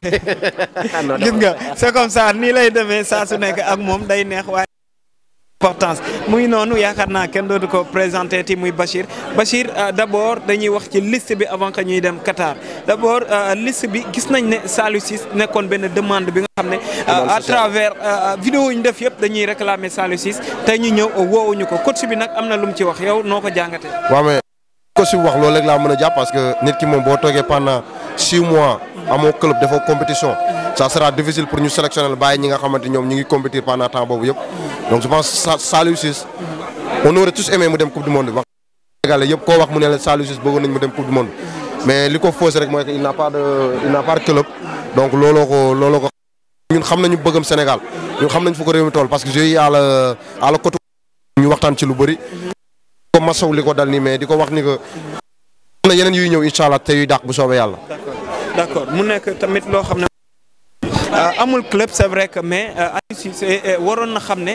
Ah, c'est comme ça ni lay su ak day importance muy nonou yakarna ken do ko présenter ti muy Bachir Bachir euh, d'abord dañuy wax ci liste bi avant que ñuy dem Qatar d'abord euh, liste bi gis nañ ne salu demande bi nga euh, à travers vidéo ñu def yépp dañuy réclamer ñu coach bi ci wax yow ko si wax loolu rek laa mën a parce que nit ki moom bo togué pendant 6 mois amo club dafa compétition ça sera difficile pour ñu sélectionner la ñi nga xamanté ñom ñi ngi compétir pendant temps bobu yépp donc je pense Saliou Ciss on aurait tous aimé mu dem coupe du monde wax Sénégalais yépp ko wax mu né la Saliou bëggu nañ mu dem coupe du monde mais liko fausse rek mooy que il n'a pas de il n'a pas de club donc looloo ko looloo ko ñun xam nañu bëggam Sénégal ñun xam nañ fu ko réew mi toll parce que j'ai à la à la côté ñu waxtan ci lu bari masaw li ko dal nii mais di ko wax ni que. am na yeneen yuy ñëw incha allah te yuy dàq bu soobee yàlla. d'accord mu nekk tamit loo xam ne ah, amul club c'est que mais euh, euh, waroon na xam ne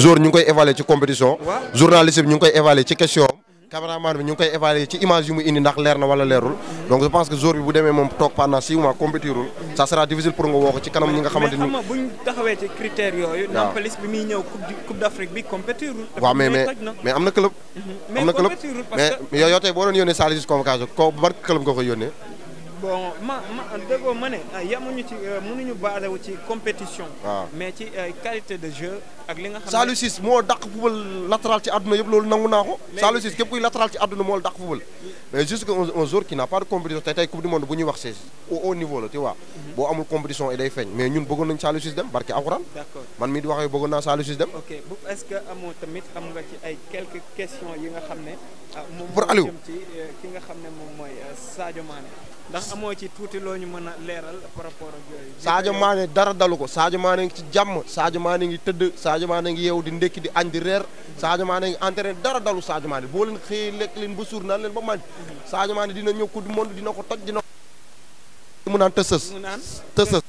jour ñu ngi koy évaluer ci compétition journaliste bi ñu ngi koy évaluer ci question cameraman bi ñu ngi koy évaluer ci image yu mu indi ndax leer na wala leerul donc je pense que jour bi bu demee moom toog pendant six mois compétirul ça sera difficile pour nga woo ci kanam ñi nga xamante buñ taxawee ci critères yooyu Nampalys bi muy ñëw coupe d'Afrique bi compétirul mais mais mais am na club mhm. am na club mais yow yow tey boo doon yónnee Saliou convocation ko ban club bon ma ma mané, ma ah, yamuñu ci euh, mënuñu basé wu ci compétition. mais ci euh, qualité de jeu ak li nga xamné ne Saliou mo moo football fubal latéral ci aduna yëpp lolou nangu naa ko. Saliou Ciss képp kuy latéral ci aduna mo la football mais juste que un jour qui n'a pas de compétition tey tey coupe du monde buñu wax c'est au haut niveau la tu vois. Mhm. bo amul compétition day feeñ mais ñun bëggoon nañ Saliou Sis dem barké alcorane d'accord man mi di waxee bëggoon naa Saliou Ciss dem. ok est-ce que amoo tamit am nga ci ay quelques questions yi nga xamné ah, pour Aliou euh, ki nga xamné ne moy Sadio Mané. ndax amoo ci tuuti loo ñu mën a leeral par rapport ak yooyu. Sadio Mané dara dalu ko Sadio Mané ngi ci jàmm Sadio Mané ngi tëdd Sadio Mané ngi yeewu di ndekki di añ di reer Sadio Mané ngi entraîné dara dalu Sadio Mané boo leen xëyee lekk leen ba suur naa leen ba màñ Sadio maane dina ñëw ko du monde dina ko toj dina ko. mu naan tësës. naan tësës.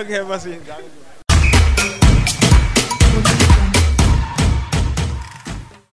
ok merci.